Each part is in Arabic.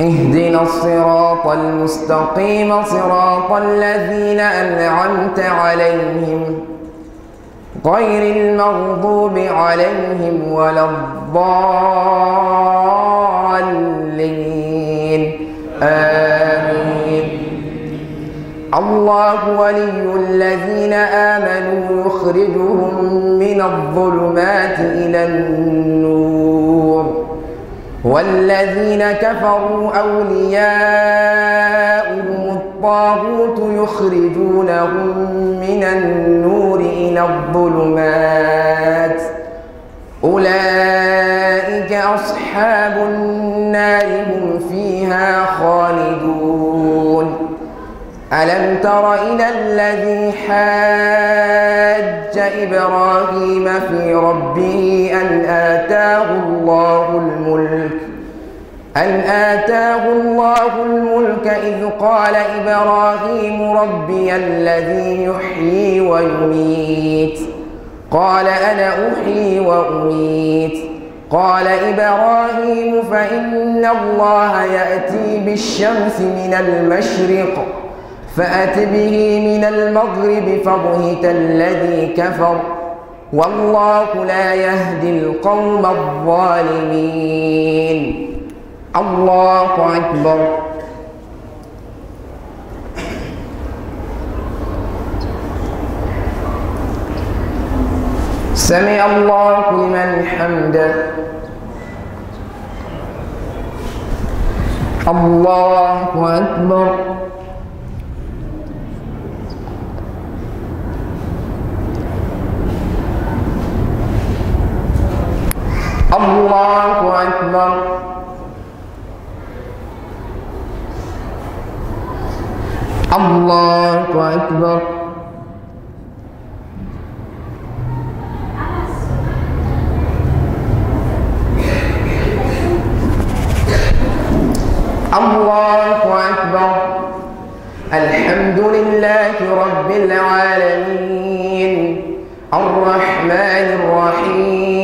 اهدنا الصراط المستقيم صراط الذين أنعمت عليهم غير المغضوب عليهم ولا الضالين آمين الله ولي الذين آمنوا يخرجهم من الظلمات إلى النور والذين كفروا أولياؤهم الطاغوت يخرجونهم من النور إلى الظلمات أولئك أصحاب النار هم فيها خالدون ألم تر إلى الذي حاج حج إبراهيم في ربه أن آتاه الله الملك أن آتاه الله الملك إذ قال إبراهيم ربي الذي يحيي ويميت قال أنا أحيي وأميت قال إبراهيم فإن الله يأتي بالشمس من المشرق فأت به من المغرب فضهت الذي كفر والله لا يهدي القوم الظالمين الله أكبر سمع الله لمن حمده الله أكبر أيضا الله أكبر الله أكبر الحمد لله رب العالمين الرحمن الرحيم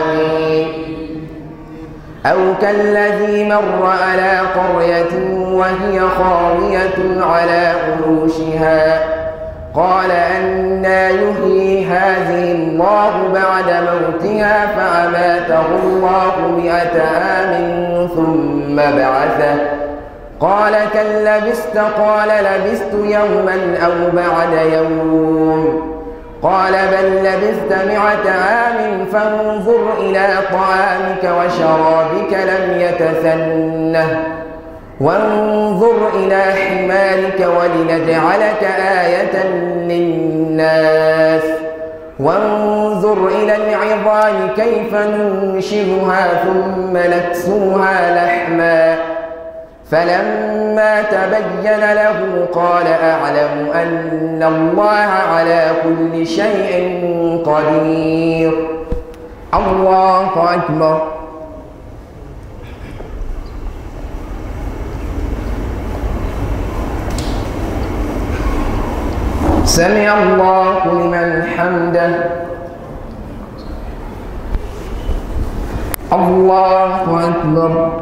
أو كالذي مر على قرية وهي خاوية على عروشها قال أنا يحيي هذه الله بعد موتها فأماته الله مئة عام ثم بعثه قال كم لبست قال لبست يوما أو بعد يوم قال بل لبثت مئة عام فانظر إلى طعامك وشرابك لم يتسنه وانظر إلى حمارك ولنجعلك آية للناس وانظر إلى العظام كيف ننشرها ثم نكسوها لحماً فلما تبين له قال أعلم أن الله على كل شيء قدير الله أكبر سمع الله لمن حمده الله أكبر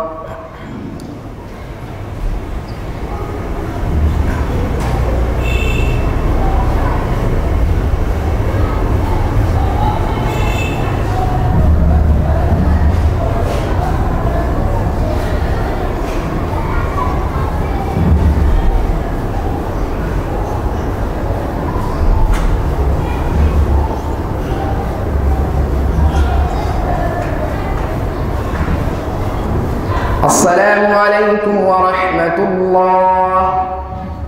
السلام عليكم ورحمة الله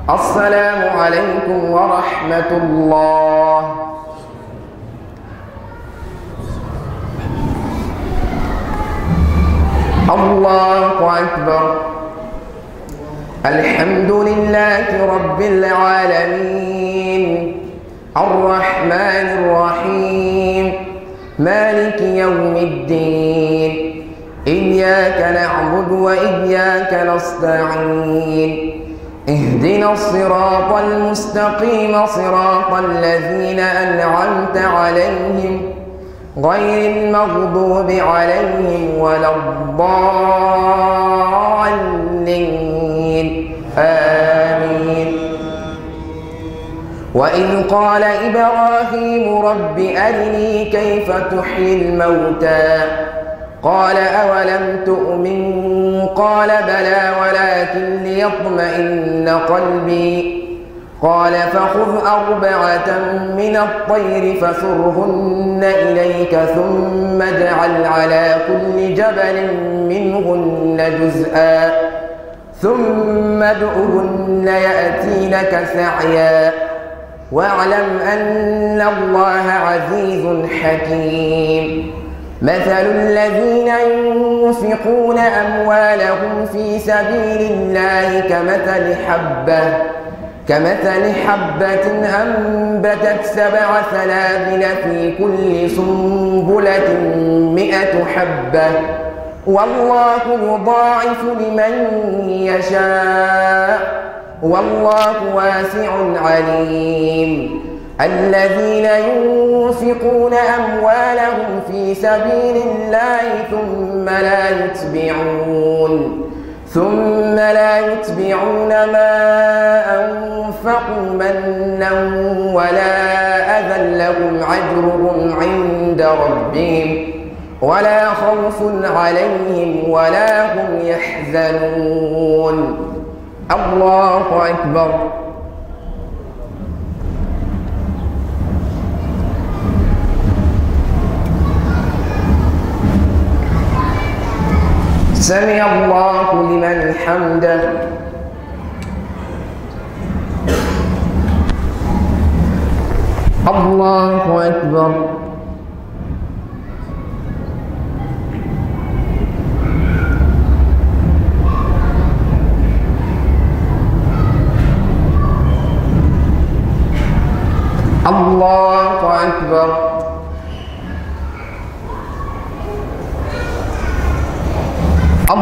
السلام عليكم ورحمة الله الله أكبر الحمد لله رب العالمين الرحمن الرحيم مالك يوم الدين إياك نعبد وإياك نستعين اهدنا الصراط المستقيم صراط الذين أنعمت عليهم غير المغضوب عليهم ولا الضالين آمين وإذ قال إبراهيم رب أرني كيف تحيي الموتى قال أولم تؤمن قال بلى ولكن ليطمئن قلبي قال فخذ أربعة من الطير فسرهن إليك ثم اجعل على كل جبل منهن جزءا ثم ادعهن يأتينك سعيا واعلم أن الله عزيز حكيم مثل الذين ينفقون أموالهم في سبيل الله كمثل حبة كمثل حبة أنبتت سبع سنابل في كل سنبلة مئة حبة والله يضاعف لمن يشاء والله واسع عليم الذين ينفقون أموالهم في سبيل الله ثم لا يتبعون ثم لا يتبعون ما أنفقوا منا ولا أذى لهم عجرهم عند ربهم ولا خوف عليهم ولا هم يحزنون الله أكبر سمع الله لمن حمده الله أكبر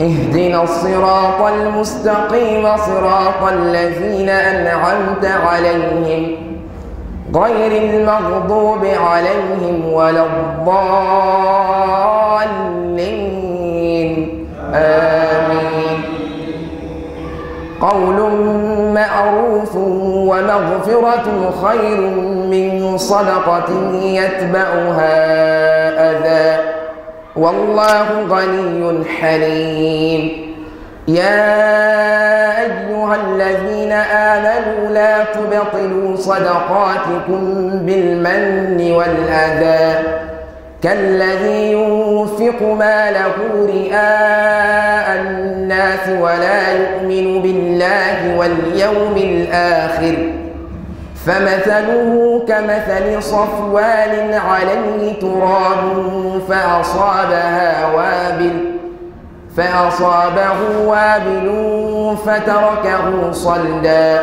اهدنا الصراط المستقيم صراط الذين أنعمت عليهم غير المغضوب عليهم ولا الضالين آمين قول معروف ومغفرة خير من صدقة يتبعها أذى والله غني حليم يا أيها الذين آمنوا لا تبطلوا صدقاتكم بالمن والأذى كالذي ينفق ماله رئاء الناس ولا يؤمن بالله واليوم الآخر فمثله كمثل صفوان عليه تراب فأصابها وابل فأصابه وابل فتركه صلدا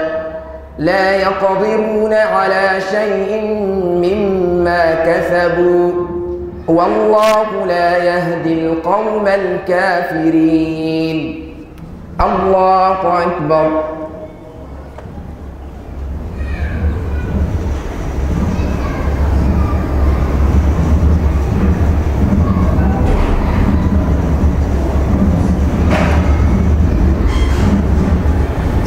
لا يقدرون على شيء مما كسبوا والله لا يهدي القوم الكافرين الله أكبر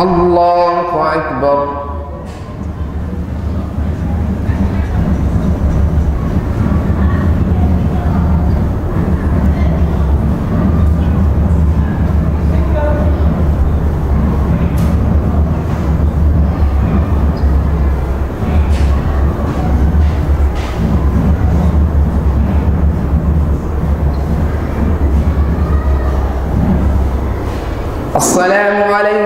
الله أكبر